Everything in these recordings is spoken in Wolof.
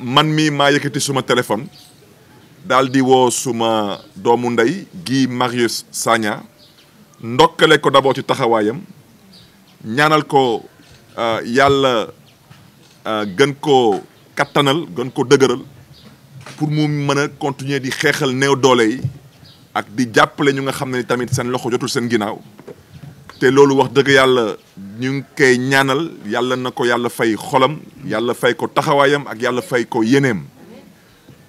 man mii ma yëkkati suma téléphone daal di woo suma doomu ndey Guy Marius Sagna ndokkale ko d'abord ci taxawaayam ñaanal ko euh, yàlla euh, gën ko kattanal gën ko dëgëral pour mu mën a continuer di xeexal néew doole yi ak di jàppale ñu nga xam ne tamit seen loxo jotul seen ginnaaw te loolu wax dëgg yàlla ñu ngi koy ñaanal yàlla na ko yàlla fay xolam yàlla fay ko taxawaayam ak yàlla fay ko yeneem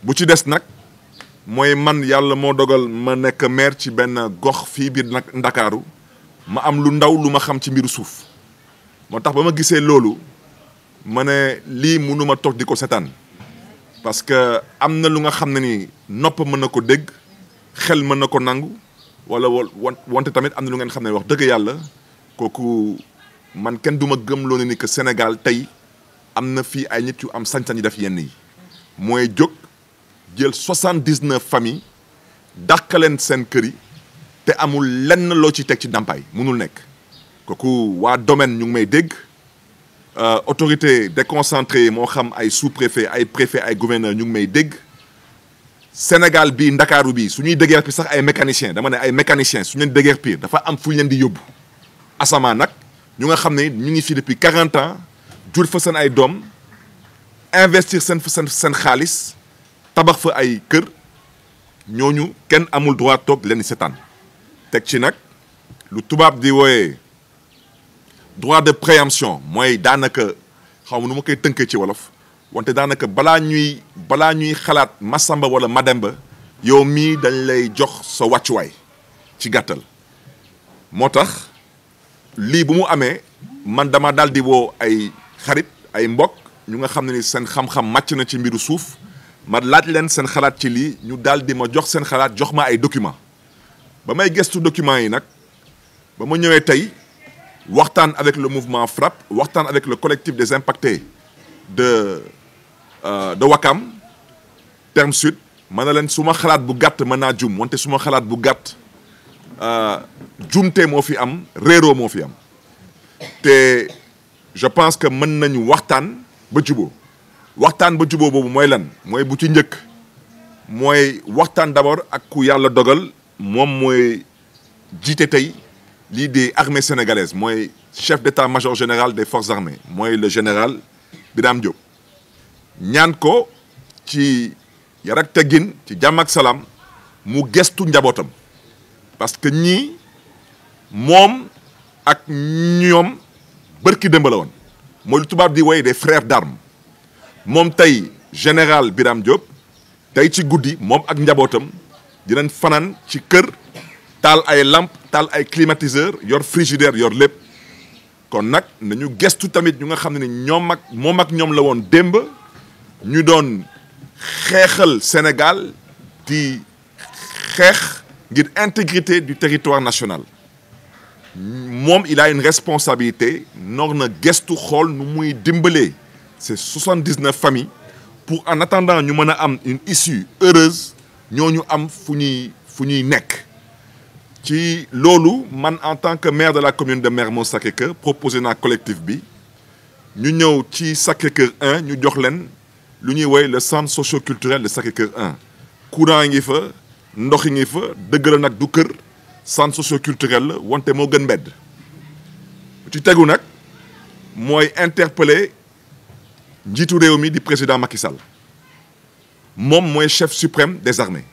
bu ci des nag mooy man yàlla moo dogal ma nekk maire ci benn gox fii biir nag Ndakaaru ma am lu ndaw lu ma xam ci mbiru suuf moo tax ba ma gisee loolu ma ne lii mënuma toog di ko setaan parce que am na lu nga xam ne nii nopp mën na ko dégg xel mën na ko nangu wala wante tamit am na lu ngeen xam ne wax dëgg yàlla kooku man kenn duma gëm loo ne ni que Sénégal tey am na fii ay nit yu am sañ-sañ yi def yenn yi mooy jóg jël soixante-dix-neuf famille dàqaleen seen kër yi te amul lenn loo ci teg ci ndàmpaay mënul nekk kooku waa domaine ñu ngi may dégg euh, autorité déconcentrée moo xam ay sous-préfet ay préfet ay gouverneur ñu ngi may dégg Sénégal bii ndakaaru bii su ñuy déguerpi sax ay mécanicien dama ne ay mécanicien su ñu leen dafa am fu ñu di yóbbu asamaa nag ñu nga xam ne ñu ngi fii depuis 40 ans jur fa seen ay doom investir seen seen seen xaalis tabax fa ay kër ñooñu kenn amul droit toog leen seetaan teg ci nag lu tubaab di wooyee droit de préemption mooy daanaka xaw ma nu ma koy tënkee ci wolof wante daanaka balaa ñuy balaa ñuy xalaat Masamba wala Mademba yow mii dañ lay jox sa wàccuwaay ci gàttal moo tax lii bu mu amee man dama daal di woo ay xarit ay mbokk ñu nga xam ne ni seen xam-xam màcc na ci mbiru suuf ma laaj leen seen xalaat ci lii ñu daal di ma jox seen xalaat jox ma ay document ba may gëstu document yi nag ba ma ñëwee tey waxtaan avec le mouvement FRAPP waxtaan avec le collectif des impactés de euh, de Wakam terme sud ma ne leen su xalaat bu gàtt mën naa jum wante suma xalaat bu gàtt euh, jumte moo fi am réeroo moo fi am te je pense que mën nañu waxtaan ba juboo waxtaan ba juboo boobu mooy lan mooy bu ci njëkk mooy waxtaan d'abord ak ku yàlla dogal moom mooy jiite tey lii des armées sénégalaises mooy chef d'état-major général des forces armées mooy le général Birame Diop ñaan ko ci yarak ak ci jàmm ak salaam mu gestu njabootam parce que ñii moom ak ñoom bërki démb la woon mooy lu tubaab di woy de frères d'armes moom tey général Birame Diop tey ci guddi moom ak njabootam dinañ fanaan ci kër taal ay lampe taal ay climatiseur yor frigidaire yor lépp kon nag nañu gestu tamit ñu nga xam ne ñoom ak moom ak ñoom la woon démb ñu doon xeexal Sénégal di xeex ngir intégrité du territoire national moom il a une responsabilité noor na gestu xool nu muy dimbalee ces soixante-dix-neuf familles pour en attendant ñu mën a am une issue heureuse ñooñu am fu ñuy fu ñuy nekk ci loolu man en tant que maire de la commune de Mermoz sacré que proposé na collectif bi ñu ñëw ci Sacré-Cœur 1 ñu jox leen lu ñuy woy le centre socio-culturel de Sacré-Cœur 1 courant ngi fa ndox ngi fa dëgg la nag du kër centre socio-culturel la wante moo gën mbedd ci tegu nag mooy interpeller njiitu réew mi di président Macky Sall moom mooy chef suprême des armées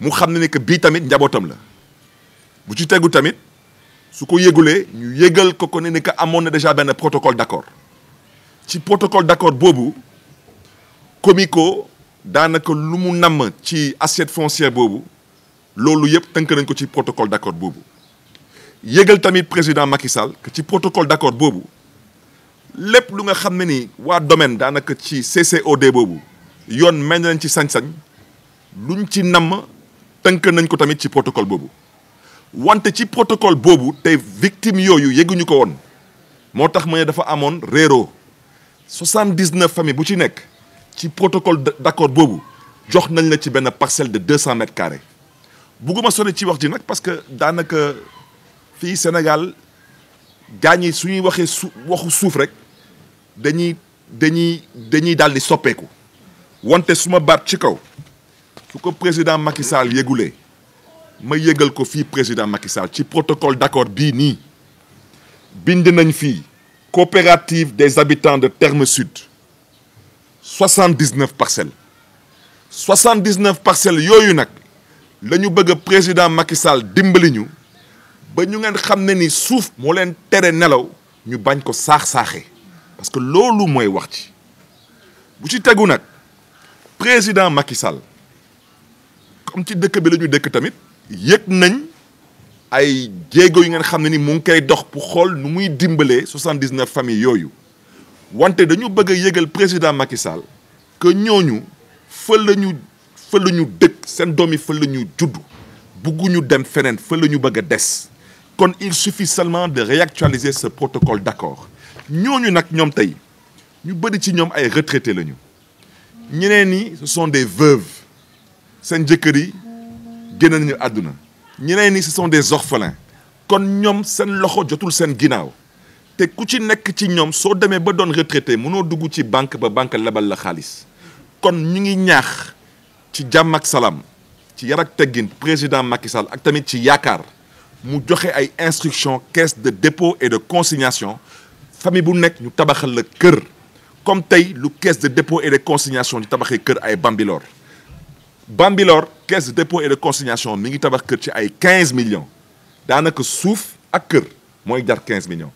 mu xam ne ni que bii tamit njabootam la bu ci tegu tamit su ko yëgulee ñu yëgal ko ko ne ni que amoon na déjà benn protocole d'accord ci protocole d'accord boobu Comico daanaka lu mu namm ci assiette foncière boobu loolu yëpp tënk nañ ko ci protocole d'accord boobu yëgal tamit président Macky Sall ci protocole d'accord boobu lépp lu nga xam ne ni waa domaine daanaka ci CCOD boobu yoon meñ nañ ci sañ-sañ luñ ci namm tënk nañ ko tamit ci protocole boobu wante ci protocole boobu tey victime yooyu yëguñu ko woon moo tax ma ne dafa amoon réeroo soixante-dix-neuf famille bu ci nekk ci protocole d'accord boobu jox nañ la ci benn parcelle de deux cent mètres carrés bugguma sori ci wax ji nag parce que daanaka fii Sénégal gaañ yi su ñuy waxee su waxu suuf rek dañuy dañuy dañuy daal di soppeeku wante suma baat ci kaw su ko président Macky Sall yëgulee ma yëgal ko fii président Macky Sall ci protocole d'accord bii nii bind nañ fii coopérative des habitants de Terme Sud soixante-dix-neuf parcelles soixante-dix-neuf parcelles yooyu nag lañu bëgg a président Macky Sall dimbali ñu ba ñu ngeen xam ne ni suuf moo leen tere nelaw ñu bañ ko saax saaxe parce que loolu mooy wax ci bu ci tegu nag président Macky Sall comme ci dëkk bi la dëkk tamit yëg nañ ay jéego yu ngeen xam ne ni mu ngi koy dox bu xool nu muy dimbalee soixante-dix-neuf yooyu wante dañu bëgg a yëgal président Macky Sall que ñu fa la ñu fa la ñu dëkk seen doom yi fa la ñu judd bugguñu dem feneen fa la ñu bëgg a des kon il suffit seulement de réactualiser ce protocole d'accord ñooñu nag ñoom tey ñu bëri ci ñoom ay retraité lañu ñeneen ñi ce son des veuves seen jëkkër yi génn nañu àdduna ñeneen ñi ce son des orphelins kon ñoom seen loxo jotul seen ginnaaw te ku ci nekk ci ñoom soo demee ba doon retraité mënoo dugg ci banque ba banque lebal la xaalis kon ñu ngi ñaax ci jàmm ak salaam ci yar ak teggin président Macky Sall ak tamit ci yaakaar mu joxe ay instructions caisse de dépôt et de consignation famille bu nekk ñu tabaxal la kër comme tey lu caisse de dépôt et de consignation di tabaxee kër ay Bambilor Bambilor caisse de dépôt et de consignation mi ngi tabax kër ci ay 15 millions daanaka suuf ak kër mooy jar 15 millions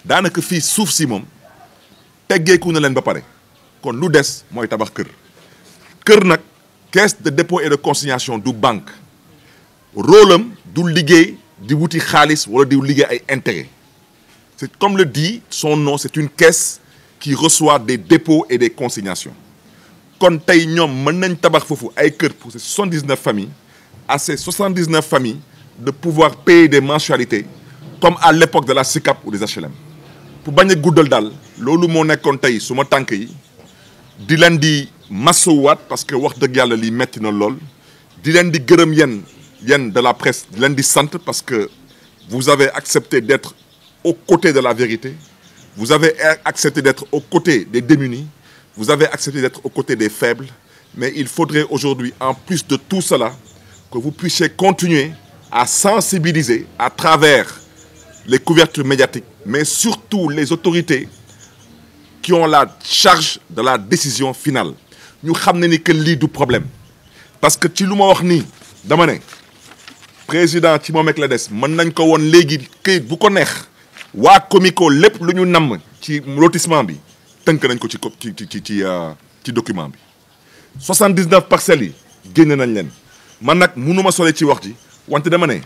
daanaka fii suuf si moom teggeeku na leen ba pare kon lu des mooy tabax kër kër nag caisse de dépôt et de consignation du banque rôle du liggéey di wuti xaalis wala di liggéey ay intérêt c'est comme le di son nom c'est une caisse qui reçoit des dépôts et des consignations kon tey ñoom mën nañ tabax foofu ay kër pour ces soixante dix neuf familles à ces soixante dix neuf familles de pouvoir payer des mensualités comme à l'époque de la SICAP ou des HLM. pour bañ a guddal daal loolu moo nekkoon tey su ma tànk yi di leen di masowuwaat parce que wax dëgg yàlla lii metti na lool di leen di gërëm yéen yéen de la presse di leen di sant parce que vous avez accepté d'être aux côté de la vérité vous avez accepté d'être aux côtés des démunis Vous avez accepté d'être aux côtés des faibles, mais il faudrait aujourd'hui, en plus de tout cela, que vous puissiez continuer à sensibiliser à travers les couvertures médiatiques, mais surtout les autorités qui ont la charge de la décision finale. ñu xam ne ni que lii du problème parce que ci lu ma wax nii dama ne président ci moom ak la des mën nañ ko woon léegi këyit bu ko neex waa Comico lépp lu ñu namm ci lotissement bi tënk nañ ko ci ci ci ci ci euh, document bi 79 parcelles yi génne nañ leen man nag mënuma sole ci wax ji wante dama ne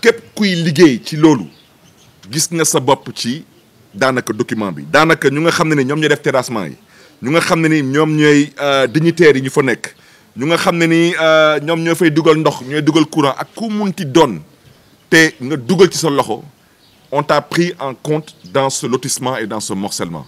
képp kuy liggéey ci loolu gis nga sa bopp ci daanaka document bi daanaka ñu nga xam ne ni ñoom ñooy def terrassement yi ñu nga xam ne ni ñoom ñooy euh, dignitaires yi ñu fa nekk ñu nga xam ne ni euh, ñoom ñoo fay dugal ndox ñooy dugal courant ak ku munti doon te nga dugal ci sa loxo on t'a pris en compte dans ce lotissement et dans ce morcellement